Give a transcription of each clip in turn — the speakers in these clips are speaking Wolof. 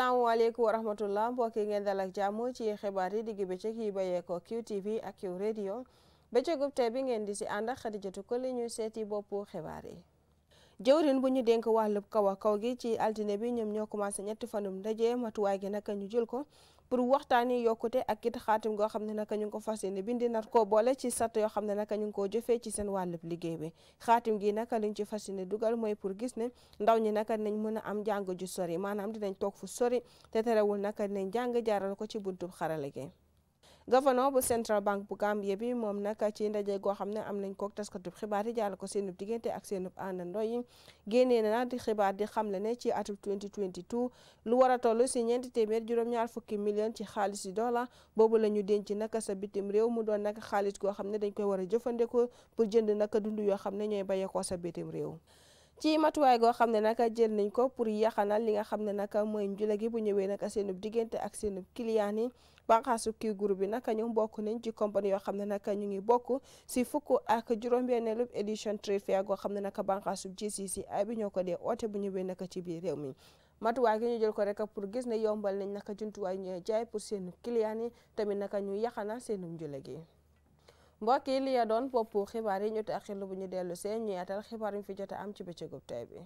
asalaamaaleykum wa rahmatullah mbokk yi ngeen dal ak jàmm ci xibaar yi digg bëccëg yi bayeekoo QTV ak Q radio bëccëgub tey bi ngeen di si ànd ak Xadijatu Koli ñu seeti boppu xibaar yi. jëwrin bu ñu dénk wàllub kaw a kaw gi ci altine bi ñoom ñoo commencé ñetti fanum ndaje matuwaay gi naka ñu jël ko pour waxtaani yokkute ak it xaatim goo xam ne naka ñu ngi ko fas yéene bindi nar koo boole ci sat yoo xam ne naka ñu ngi koo jëfee ci seen wàllub liggéey bi xaatim gi naka liñ ci fas yéene dugal mooy pour gis ne ndaw ñi naka nañ mën a am jàng ju sori maanaam dinañ toog fu sori te terewul naka nañ jàng jaaral ko ci buntub xarala gi governor bu central bank bu Gambia bi moom nag ci ndaje goo xam ne am nañ ko taskatub xibaar yi jàll ko seenub diggante ak seenub àndandoo yi génnee na di xibaar di xamle ne ci atum 2022 lu war a toll si ñeenti téeméer juróom-ñaar fukki million ci xaalis yi dollar boobu la ñu denc naka sa bitim réew mu doon nag xaalis goo xam ne dañ koy war a jëfandikoo pour jënd naka dund yoo xam ne ñooy bàyyeekoo sa bitim réew ci matuwaay goo xam ne nag jël nañ ko pour yaxanal li nga xam ne nag mooy njula gi bu ñëwee nag seenub diggante ak seenub client yi banqaasu kii groupe bi nag ñoom bokk nañ ci compagnie yoo xam ne nag ñu ngi bokk si fukk ak juróom-benneelu édition trade fair goo xam ne nag banqaasu GCCI bi ñoo ko dee oote bu ñëwee nag ci biir réew mi matuwaay gi ñu jël ko rek pour gis ne yombal nañ naka jumtuwaay ñooy jaay pour seen client yi tamit naka ñu yaxanal seenub njula gi mbokk yi li ya doon boppu xibaar yi ñu te bu ñu dellu seen ñu yaatal xibaar yi fi jot am ci bëccëgub tey bi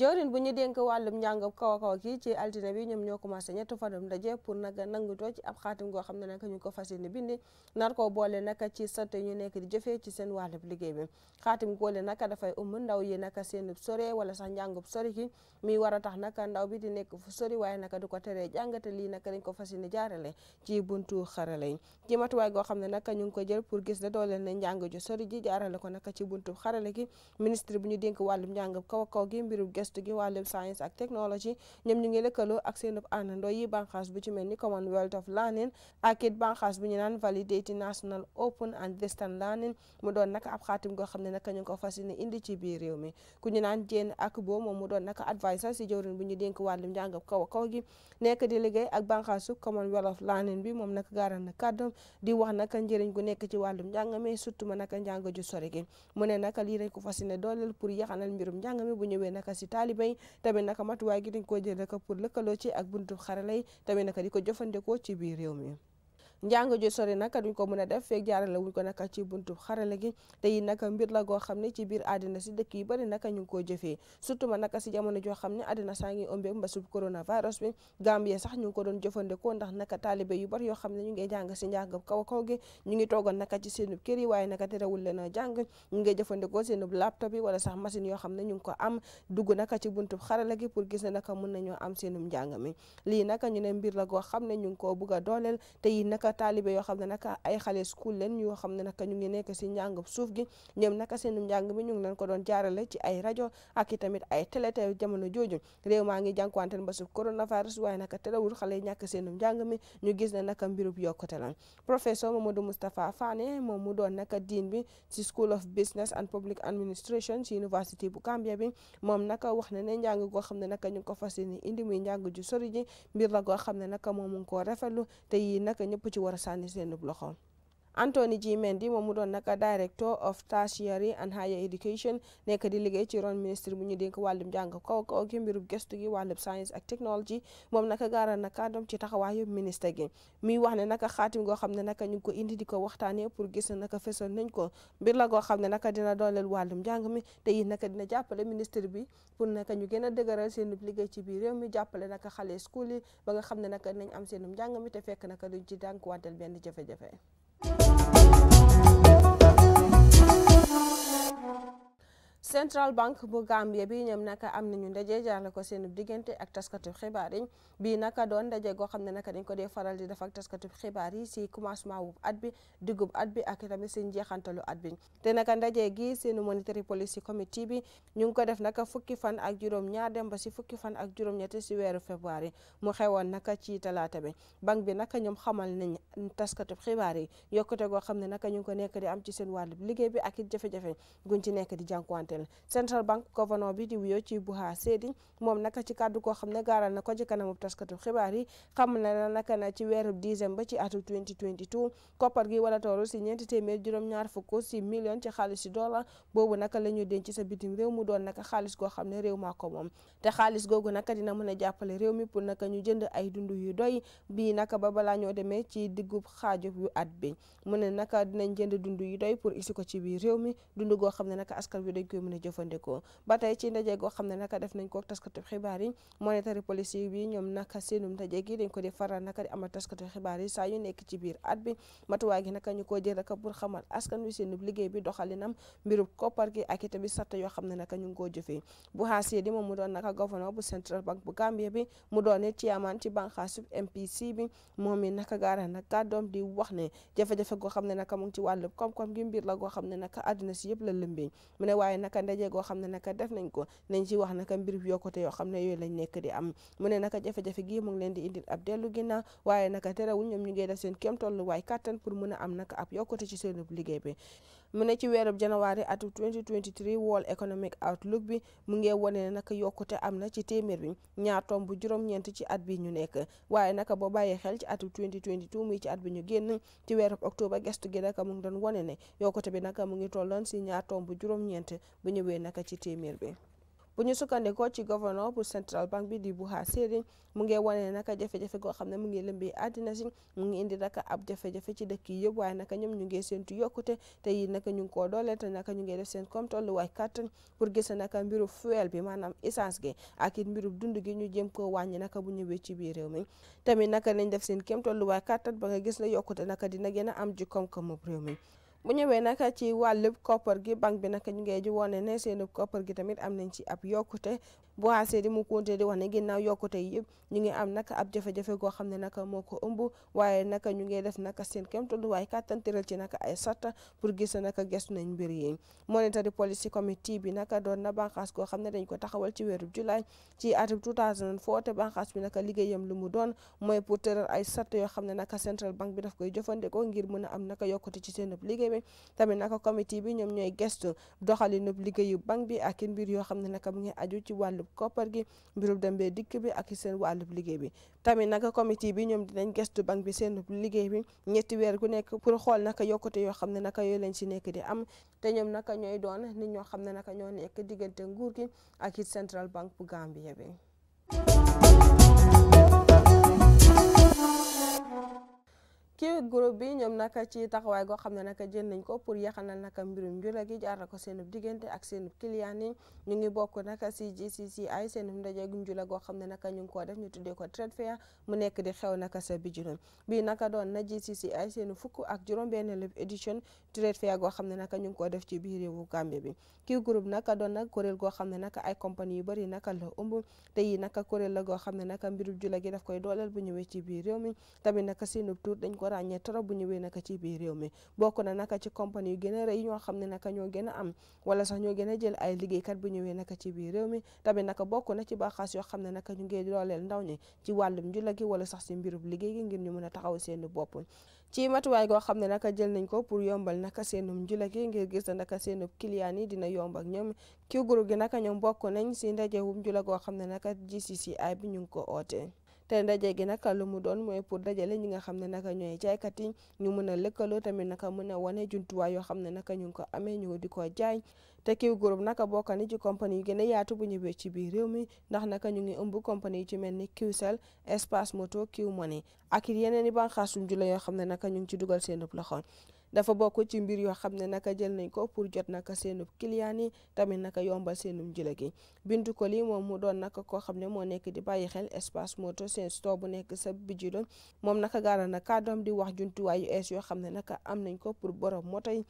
jawrin bu ñu dénk wàllum njàngab kaw a kaw kii ci altine bi ñoom ñoo commencé ñetti fanum ndaje pour naga nangutoo ci ab xaatim goo xam ne nag ñu ko fas yéene bindi nar koo boole naka ci satte ñu nekk di jëfee ci seen wàllub liggéey bi xaatim góole naka dafay ëmb umm ndaw yi naka seenub sore wala sax njàngub sori ki mi war a tax naka ndaw bi di nekk fu sori waaye naka du ko teree jàngate lii naka dañ ko fas yéene jaarale ci buntu xarala yi ci matuwaay goo xam ne naka ñu ngi ko jël pour gis da dooleel ne njàng ju sori ji jaarale ko naka ci buntu xarala ki ministre bu ñu dénk wàllum njàngab kaw a gëstu gi wàllum science ak technology ñoom ñu ngi lëkkaloo ak seen àndandoo yi banqaas bu ci Commonwealth of Learning ak it bu ñu Validating National Open and Distance Learning mu doon naka ab xaatim goo xam ne naka ñu ko fas yéene indi ci biir réew mi ku ñu naan jéen ak boo moom mu doon naka advisor si jëwrin bu ñu dénk wàllum njàngab kaw a bi moom naka na kàddoom di wax naka njëriñ nekk ci wàllum njàng mi surtout ma naka njàng ju sori gi mu ne naka lii dañ ko fas yéene dooleel pour yaxanal mbirum njàng mi bu ñëwee naka si taaliba yi tamit naka matuwaay gi dañ ko jël rek pour lëkkaloo ci ak buntu xarala yi tamit naka di ko jëfandikoo ci biir réew mi njàng ju sori nag duñ ko mën a def fekk jaarale wuñ ko nag ci buntu xarala gi te yi nag mbir la goo xam ne ci biir àddina si dëkk yi bari naka ñu ngi koo jëfee surtout ma nag si jamono joo ne àddina saa ngi ëmbeeg mbasub coronavirus bi Gambie sax ñu ko doon jëfandikoo ndax nag taalibe yu bari yoo xam ne ñu ngi jàng si njàng kaw kaw gi ngi toogoon nag ci seenu kër yi waaye nag terewul leen a jàng ñu ngi jëfandikoo seenu laptop yi wala sax machine yoo xam ne ñu ngi ko am dugg nag ci buntu xarala gi pour gis ne nag mën nañoo am seenum njàng mi lii naka ñu ne mbir la goo xam ne ñu ngi koo bugg a dooleel yi nag naka taalibe yoo xam ne naka ay ne naka ñu suuf gi ñoom naka seen njàng mi ñu ngi le ko doon jaarale ci ay rajo ak i tamit ay télé te jamono jooju réew maa ngi jànkuwanteel mbasub coronavirus waaye naka terewul xale yi ñàkk seen njàng mi ñu gis ne naka mbirub yokkute la professeur Mamadou Moustapha Fane moom mu doon naka dean bi ci School of Business and Public Administration ci université bu Gambia bi moom naka wax na ne njàng goo xam ne naka ñu ko fas yéene indi muy njàng ju la goo xam ne naka moom mu koo rafetlu te war a sànni seen loxoom Anthony G Mendy moom mu doon naka director of tertiary and higher education nekk di liggéey ci ron ministre bu ñu dénk wàllum njàng kaw kaw gi mbirub gëstu gi wàllum science ak technology moom naka gaaral na kàddoom ci taxawaayu ministre gi mi wax ne naka xaatim goo xam ne naka ñu ngi ko indi di ko waxtaanee pour gis na naka fesal nañ ko mbir la goo ne naka dina dooleel wàllum njàng mi te it naka dina jàppale ministre bi pour naka ñu gën a dëgëral seen liggéey ci biir réew mi jàppale naka xale school ba nga xam ne naka am seenum njàng mi te fekk naka duñ ci dànkuwanteel benn jafe Central Bank bu Gambia bi ñoom naka am nañu ndaje jaarale ko seen diggante ak taskatu xibaar yi bii naka doon ndaje goo xam ne naka dañ ko dee faral di def ak taskatu xibaar yi si commencement wu at bi diggub at bi ak itamit seen jeexantalu at bi te naka ndaje gi seen monetary policy committee bi ñu ngi ko def naka fukki fan ak juróom-ñaar dem ba si fukki fan ak juróom-ñett si weeru février mu xewoon naka ci talaata bi banque bi naka ñoom xamal nañ taskatu xibaar yi yokkute goo xam ne naka ñu ngi ko nekk di am ci seen wàllu liggéey bi ak it jafe-jafe ci nekk di jànkuwante kenn Central Bank gouverneur bi di wuyoo ci Buha Seydi moom naka ci kàddu koo xam ne gaaral na ko ci kanamu taskatu xibaar yi xam na ne naka na ci weeru décembre ci atum 2022 koppar gi wala tooru si ñeenti téeméer juróom-ñaar fukk si million ci xaalis dollar boobu naka la ñu denc sa bitim a jàppale réew mi pour naka ñu jënd ay dund yu doy naka ba balaa ñoo demee ci diggub xaajub yu at bi mu ne naka dinañ jënd dund yu doy pour isi ko ci biir réew mi dund goo xam ne mën a jëfandikoo ba tey ci ndaje goo xam ne naka def nañ ko taskatu xibaar yi monetary policy bi ñoom naka seenum ndaje gi dañ ko di faral naka di amal taskatu xibaar yi saa yu nekk ci biir at bi matuwaay gi naka ñu ko jël rek pour xamal askan wi seenub liggéey bi doxalinam mbirub koppar gi ak itamit sarta yoo xam ne naka ñu ngi koo jëfee bu xaasee di moom mu doon naka gouverneur bu central bank bu Gambia bi mu doon ne chairman ci banxaasub MPC bi moom naka gaara nag di wax ne jafe-jafe goo xam ne naka mu ngi ci wàllu koom-koom gi mbir la goo xam ne naka àddina si yëpp la lëmbee mu naka ndaje goo xam ne naka def nañ ko nañ ci wax naka mbir yokkute yoo xam ne yooyu lañ nekk di am mu ne naka jafe-jafe gii mu ngi leen di indil ab dellu ginnaaw waaye naka terewul ñoom ñu ngi def seen kéem tolluwaay kattan pour mën a am naka ab yokkute ci seenub liggéey bi mu ne ci weerub janwaari atu 2023 World Economic Outlook bi mu ngi wane ne naka yokkute am na ci téeméer bi ñaar bu juróom-ñeent ci at bi ñu nekk waaye naka boo bàyyee xel ci atu 2022 muy ci at bi ñu génn ci weerub octobre gestu gi naka mu ngi doon wane ne yokkute bi naka mu ngi tolloon si ñaar tomb bu juróom-ñeent bu ñëwee naka ci téeméer bi bu ñu sukkandikoo ci gouverneur bu central bank bi di Buha Seri mu ngi wane naka jafe-jafe goo xam ne mu ngi lëmbi àddina si mu ngi indi naka ab jafe-jafe ci dëkk yi yëpp waaye naka ñoom ñu ngi séentu yokkute te yi naka ñu ngi koo doole naka ñu ngi def seen comme tolluwaay kàttan pour gis naka mbiru fuel bi maanaam essence gi ak it mbiru dund gi ñu jëm koo wàññi naka bu ñëwee ci biir réew mi tamit naka lañ def seen kéem tolluwaay kàttan ba nga gis na yokkute naka dina gën a am ji koom-koomu réew mi bu ñëwee nag ci wàllub koppar gi banque bi nag ñu ngi ji wone ne seenub koppar gi tamit am nañ ci ab yokkute boo xasee di mu konte di wax ne ginnaaw yokkute yëpp ñu ngi am nag ab jafe-jafe goo xam ne nag moo ko ëmb waaye nag ñu ngi def nag seen kem tolluwaay kàttan tëral ci nag ay satta pour gis nag gestu nañ mbir yi monetary policy committee bi nag doon na banqaas goo xam ne dañ ko taxawal ci weeru julaay ci atum 2004 te banqaas bi nag liggéeyam lu mu doon mooy pour tëral ay satta yoo xam ne nag central bank bi daf koy jëfandikoo ngir mën a am nag yokkute ci seen liggéey bi tamit nag committee bi ñoom ñooy gestu doxali nub liggéeyu banque bi ak mbir yoo xam ne nag mu ngi aju ci wàllu koppar gi mbirum dem bee dikk bi ak seen wàllub liggéey bi tamit naka comité bi ñoom dinañ gestu banque bi seen liggéey bi ñetti weer gu nekk pour xool naka yokkute yoo xam ne naka yooyu lañ si nekk di am te ñoom naka ñooy doon nit ñoo xam ne naka ñoo nekk diggante nguur gi ak it central bank bu Gambia bi kii groupe bi ñoom naka ci taxawaay goo xam ne naka jël nañ ko pour yaxanal naka mbirum njula gi jaar na ko seenub diggante ak seenub client yi ñu ngi bokk naka si GCCI seenub ndaje gu njula goo xam ne naka ñu ngi koo def ñu tuddee ko trade fair mu nekk di xew naka sa bi juróom bii naka doon na GCCI seenu fukk ak juróom-benneelu édition trade goo xam ne naka ñu ngi koo def ci biir réewu Gambie bi kii groupe naka doon na kuréel goo xam ne naka ay compagnie yu bari naka la ëmb te yi naka kuréel la goo xam ne naka mbirub jula gi daf koy dooleel bu ñëwee ci biir réew mi tamit naka seenub tuur dañ ko ràññee trop bu ñëwee naka ci biir réew mi bokk na naka ci compagnie yu gën a rëy ñoo xam ne naka ñoo gën am wala sax ñoo gën a jël ay kat bu ñëwee naka ci biir réew mi tamit naka bokk na ci baaxaas yoo xam ne naka ñu ngi dooleel ndaw ñi ci wàllum jula gi wala sax si mbirub liggéey gi ngir ñu mën a taxaw seen bopp ci matuwaay goo xam ne naka jël nañ ko pour yombal naka seenum njula gi ngir gis na naka seenub client yi dina yomb ak ñoom ci groupe gi naka ñoom bokk nañ si ndajewum njula goo xam ne naka GCCI bi ñu ngi ko oote te ndaje gi naka lu mu doon mooy pour dajale ñi nga xam ne naka ñooy jaaykat yi ñu mën a lëkkaloo tamit naka mën a wane jumtuwaay yoo xam ne naka ñu ngi ko amee ñu di ko jaay te kiw groupe naka bokk na ci compagnie yu gën a yaatu bu ñëwee ci biir réew mi naka ñu ngi ëmb compagnie yu ci mel ni sel Espace Moto Qmoney ak yeneen i bànqaas yu njula yoo xam ne naka ñu ngi ci dugal seen loxo dafa bokk ci mbir yoo xam ne naka jël nañ ko pour jot naka seenub client yi tamit naka yombal seenum jëla gi bintu ko lii moom mu doon naka koo xam ne moo nekk di bàyyi xel espace moto seen store bu nekk sa bijilo moom naka gaara na kàddoom di wax jumtuwaay es ees yoo xam ne naka am nañ ko pour borom moto yi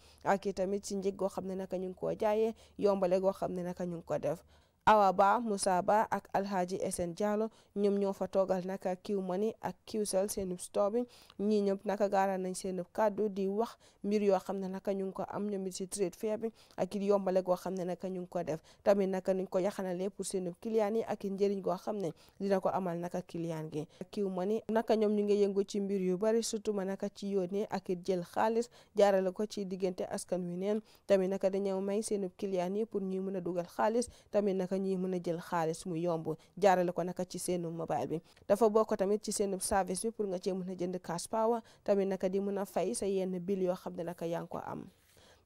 tamit ci njëg goo xam ne naka ñu ngi koo jaayee yombale goo xam ne naka ñu ngi ko def Awa Ba Moussa Ba ak Alhaji SN Diallo ñoom ñoo fa toogal naka kiw Money ak Qcell seen store bi ñii ñëpp naka gaaral nañ seen kàddu di wax mbir yoo xam ne naka ñu ngi ko am ñoom it si trade fair ak it yombale goo xam ne naka ñu ngi ko def tamit naka nuñ ko yaxanalee pour seen client yi ak it njëriñ goo xam ne dina ko amal naka client gi Q Money naka ñoom ñu ngi yëngu ci mbir yu bari surtout ma naka ci yónnee ak it jël xaalis jaarale ko ci diggante askan wi neen tamit naka dañoo may seen client yi pour ñuy mën a dugal xaalis tamit naka naka ñuy mën a jël xaalis mu yomb jaarale ko naka ci seenu mobile bi dafa bokk tamit ci seenu service bi pour nga cee mën a jënd cash power tamit naka di mën a fay sa yenn bill yoo xam ne naka yaa ngi am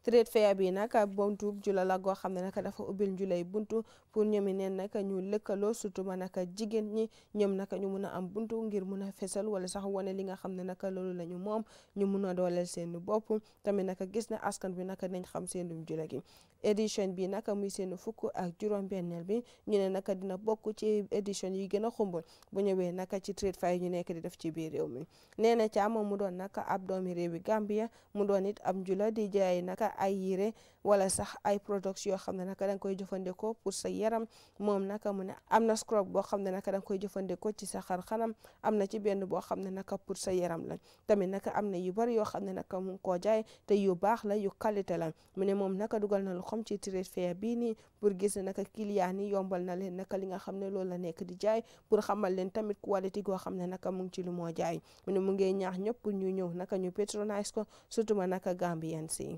trade fair bi nag buntu jula la goo xam ne nag dafa ubbil njulay buntu pour ñoom it neen nag ñu lëkkaloo surtout ma nag jigéen ñi ñoom naka ñu mun a am buntu ngir mun a fesal wala sax wane li nga xam ne nag loolu la ñu moom ñu mun a dooleel seen bopp tamit nag gis na askan bi nag nañ xam seen jula gi édition bi nag muy seen fukk ak juróom-benneel bi ñu ne nag dina bokk ci édition yi gën a xumb bu ñëwee nag ci trade fair ñu nekk di def ci biir réew mi nee na Caam mu doon nag ab doomi réewi Gambia mu doon it ab njula di jaay nag ay yére wala sax ay products yoo xam ne nag danga koy jëfandikoo pour sa yaram moom nag mu ne am na scrub boo xam ne nag danga koy jëfandikoo ci sa xar xanam am na ci benn boo xam ne nag pour sa yaram la tamit nag am na yu bari yoo xam ne nag mu ngi koo jaay te yu baax la yu qualité la mu ne moom nag dugal na com ci trade fair bii nii pour gis ne naka client yi yombal na leen naka li nga xam ne loolu la nekk di jaay pour xamal leen tamit quality goo xam ne naka mu ngi ci lu moo jaay mu ne mu ngi ñaax ñëpp pour ñëw naka ñu patronise ko surtout ma naka Gambians yi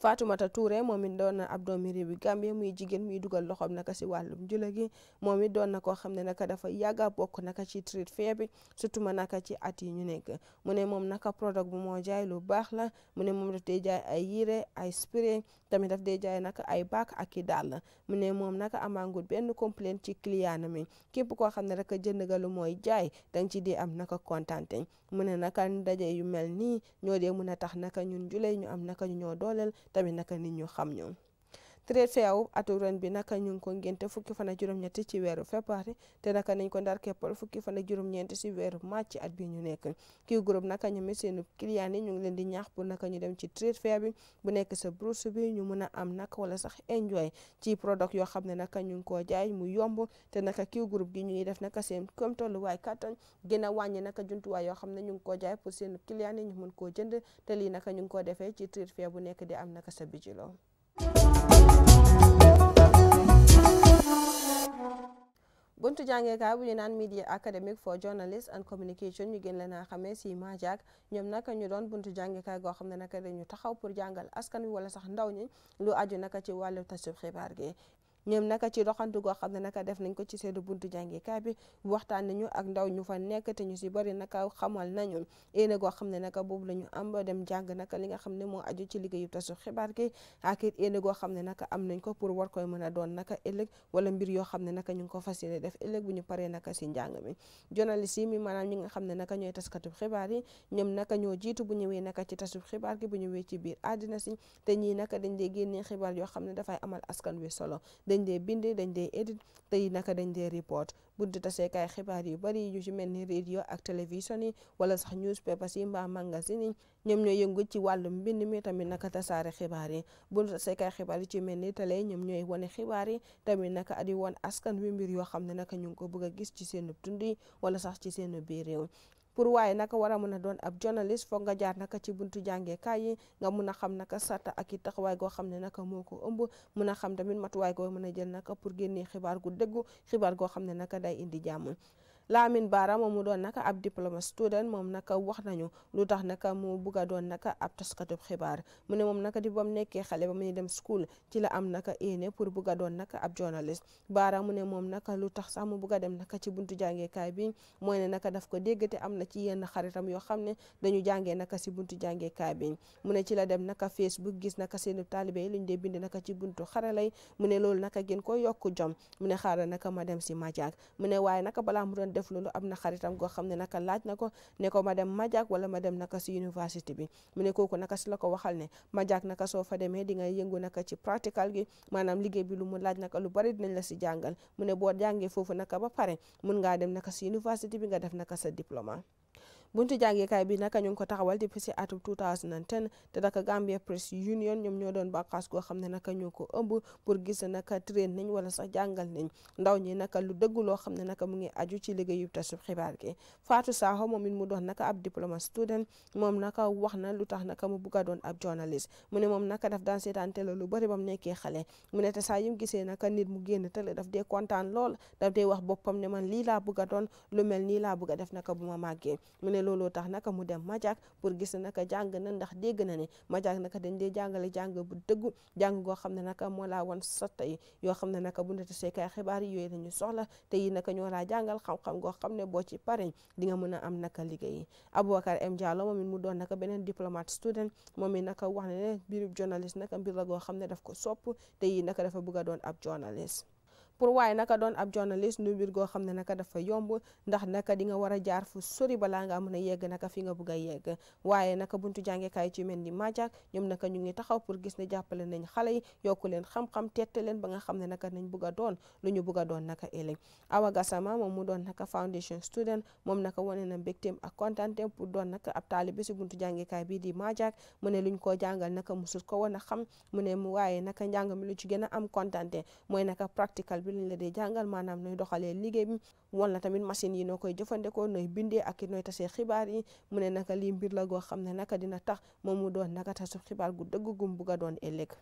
Fatoumata Touré moom it doon na ab doomi réew bi Gambie muy jigéen muy dugal loxoom naka si wàllum jula gi moom it doon na koo xam ne naka dafa yàgga bokk naka ci trade fair bi surtout ma naka ci at yi ñu nekk mu ne moom naka product bu moo jaay lu baax la mu ne moom daf dee jaay ay yire ay spray tamit daf dee jaay naka ay baak ak i dàll mu ne moom naka amaangut benn complaint ci client mi képp koo xam ne rek jënd nga mooy jaay danga ci dee am naka kontante mu ne naka ndaje yu mel nii ñoo de mun a tax naka ñun jule ñu am naka ñu ñoo dooleel tamit naka nit ñu xam ñoom treizième atu ren bi naka ñu ngi ko ngénte fukki fan ak juróom ci weeru février te naka nañ ko ndar keppal fukki fan ak juróom-ñeenti ci weeru màcc at bi ñu nekk kii groupe naka ñoom seenu client yi ñu ngi leen di ñaax pour naka ñu dem ci trade fair bi nekk sa bourse bi ñu mën a am naka wala sax enjoy ci product yoo xam ne naka ñu ngi koo jaay mu yomb te naka kii groupe gi ñu def naka seen comme tolluwaay kattan gën a wàññi naka jumtuwaay yoo xam ne ñu ngi koo jaay pour seenu client yi ñu mën koo jënd te lii naka ñu ngi koo defee ci trade fair bu nekk di am naka sa bijilo buntu jàngeekaay bu ñu naan media academic for journalists and communication ñu gën leen a xamee si Majak ñoom naka ñu doon buntu jàngeekaay goo xam ne naka dañu taxaw pour jàngal askan wi wala sax ndaw ñi lu aji naka ci wàllu tasub xibaar gi ñoom naka ci doxantu goo xam ne naka def nañ ko ci seen buntu jàngikaay bi waxtaan ñu ak ndaw ñu fa nekk te ñu si bari naka na ñu yéene goo xam ne naka boobu la ñu am dem jàng naka li nga xam ne moo aju ci liggéeyu tasu xibaar gi ak it yéene goo xam ne naka am nañ ko pour war koy mën a doon naka ëllëg wala mbir yoo xam ne naka ñu ngi ko fas yéene def ëllëg bu ñu pare naka si njàng mi journaliste yi mi maanaam ñi nga xam ne naka ñooy taskatub xibaar yi ñoom naka ñoo jiitu bu ñëwee naka ci tasub xibaar gi bu ñëwee ci biir àddina si te ñii naka dañ dee génnee xibaar yoo xam ne dafay amal askan wi solo dañ dee bind dañ dee edit tey naka dañ dee report buntu taseekaay xibaar yu bari yu ci mel ni radio ak télévision yi wala sax newspapers yi mbaa magasin yi ñoom ñooy yëngu ci wàllum mbind mi tamit naka tasaare xibaar yi buntu taseekaay xibaar yi ci mel ni télé ñoom ñooy wane xibaar yi tamit naka adi woon askan wi mbir yoo xam ne naka ñu ngi ko bëgg a gis ci seen dund yi wala sax ci seen biir réew pour waaye naka war a mën a doon ab journaliste foog nga jaar naka ci buntu jàngeekaay yi nga mun a xam naka sarta aki i taxawaay goo xam ne naka moo ko ëmb mun a xam tamit matuwaay goo mën a jël naka pour génnee xibaar gu dëggu xibaar goo xam ne naka day indi jàmm Lamine Bara moom mu doon naka ab diploma student moom naka wax nañu lu tax naka mu bugg a doon naka ab taskatub xibaar mu ne moom naka di ba mu nekkee xale ba muy dem school ci la am naka yéene pour bugg a doon naka ab journalist Bara mu ne moom naka lu tax sax mu bugg a dem naka ci buntu jàngeekaay bi mooy ne naka daf ko dégg am na ci yenn xaritam yoo xam ne dañu jàngee naka si buntu jàngeekaay bi mu ne ci la dem naka Facebook gis naka seen taalibe yi luñ dee bind naka ci buntu xaralay mu ne loolu naka gën ko yokk jom mu ne xaaral naka ma dem si Majaak mu doon def loolu am na xaritam goo xam ne naka laaj na ko ne ko ma dem Majak wala ma dem naka si université bi mu ne kooku naka si la ko waxal ne Majak naka soo fa demee di nga yëngu naka ci practical gi maanaam liggéey bi lu mu laaj naka lu bari dinañ la si jàngal mu ne boo jàngee foofu naka ba pare mun ngaa dem naka si université bi nga def naka sa diplôme buntu jàngeekaay bi naka ñu ngi ko taxawal depuis si atum 2010 te naka Gambia Press Union ñoom ñoo doon bànqaas goo xam ne naka ñoo ko ëmb pour gis naka train nañ wala sax jàngal nañ ndaw ñi naka lu dëgg loo xam ne naka mu ngi aju ci liggéeyu tasub xibaar gi Fatou Sakho moom it mu doon naka ab diploma student moom naka wax na lu tax naka mu bugg a doon ab journaliste mu ne moom naka daf daan seetaan télé lu bari ba mu nekkee xale mu ne te saa yu gisee naka nit mu génn télé daf dee kontaan lool daf dee wax boppam lii laa bugg doon lu mel nii laa bugg a def naka bu ma màggee ne looloo tax naka mu dem Majak pour gis ne naka jàng na ndax dégg na ne Majak naka dañ dee jàngale jàng bu dëggu jàng goo xam ne naka moo laa wan sotta yi yoo xam ne naka bu ndata seekaay xibaar yi yooyu la ñu soxla te yi naka ñoo laa jàngal xam-xam goo xam ne boo ci pareñ di nga mën a am naka liggéey Aboubacar M Diallo moom it mu doon naka beneen diplomate student moom it naka wax ne ne mbirub journaliste naka mbir la goo xam ne daf ko sopp te naka dafa bëgg a doon ab journaliste pour waaye naka doon ab journaliste nu mbir goo xam ne naka dafa yomb ndax naka dinga nga war a jaar fu sori balaa nga mën a yegg naka fi nga bugg a yegg waaye naka buntu jàngekaay ci mel ni Majak ñoom naka ñu ngi taxaw pour gis ne jàppale nañ xale yi yokku leen xam-xam tette leen ba nga xam ne naka nañ bugg doon lu ñu bugg doon naka ëllëg Awa Gassama moom mu doon naka foundation student moom naka wane na mbégteem ak kontaanteem pour doon naka ab taalibe si buntu jàngekaay bii di Majak mu ne luñ koo jàngal naka musul ko woon a xam mu ne mu waaye naka njàng mi lu ci gën a am kontaante mooy naka practical bi lañ la jàngal maanaam nooy doxalee liggéey bi wan la tamit machine yi noo koy jëfandikoo nooy bindee ak it nooy tasee xibaar yi mu ne naka lii mbir la goo xam ne naka dina tax moom mu doon naka tasu xibaar gu dëgg gum bugg a doon ëllëg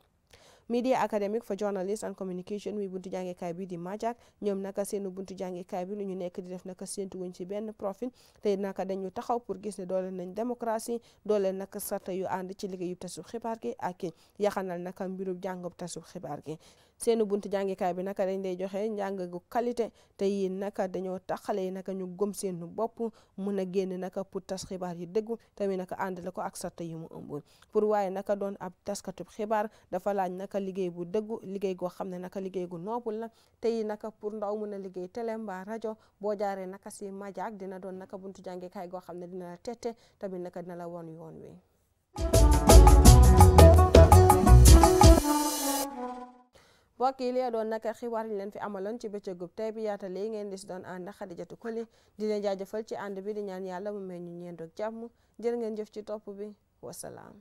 media academic for journalist and communication muy buntu jàngekaay bi di majak ñoom naka seenu buntu jàngekaay bi lu ñu nekk di def naka séentu wuñ ci benn profit te naka dañu taxaw pour gis ne dooleel nañ démocratie dooleel naka sarta yu ànd ci liggéeyub tasub xibaar gi ak yaxanal naka mbirub jàngub tasub xibaar gi seeni buntu jàngikaay bi naka dañ lay joxe njàng gu qualité te yi naka dañoo tax xale yi naka ñu gëm seen bopp mun a génn naka pour tas xibaar yi dëggu tamit naka àndale ko ak sarta yi mu ëmb pour waaye naka doon ab taskatub xibaar dafa laaj naka liggéey bu dëggu liggéey goo xam ne naka liggéey gu noobul la te yi naka pour ndaw mun a liggéey télé mbaa rajo boo jaaree naka si majaak dina doon naka buntu jàngikaay goo xam ne dina la tette tamit naka dina la won yoon wi mbokk yi lee na naka xibaar yi leen fi amaloon ci bëccëgub tey bi yaata lii ngeen di si doon ànd Xadijatu Koli di leen jaajëfal ci ànd bi di ñaan yàlla mu may ñu ñeen doog jàmm jër ngeen jëf ci topp bi wasalaam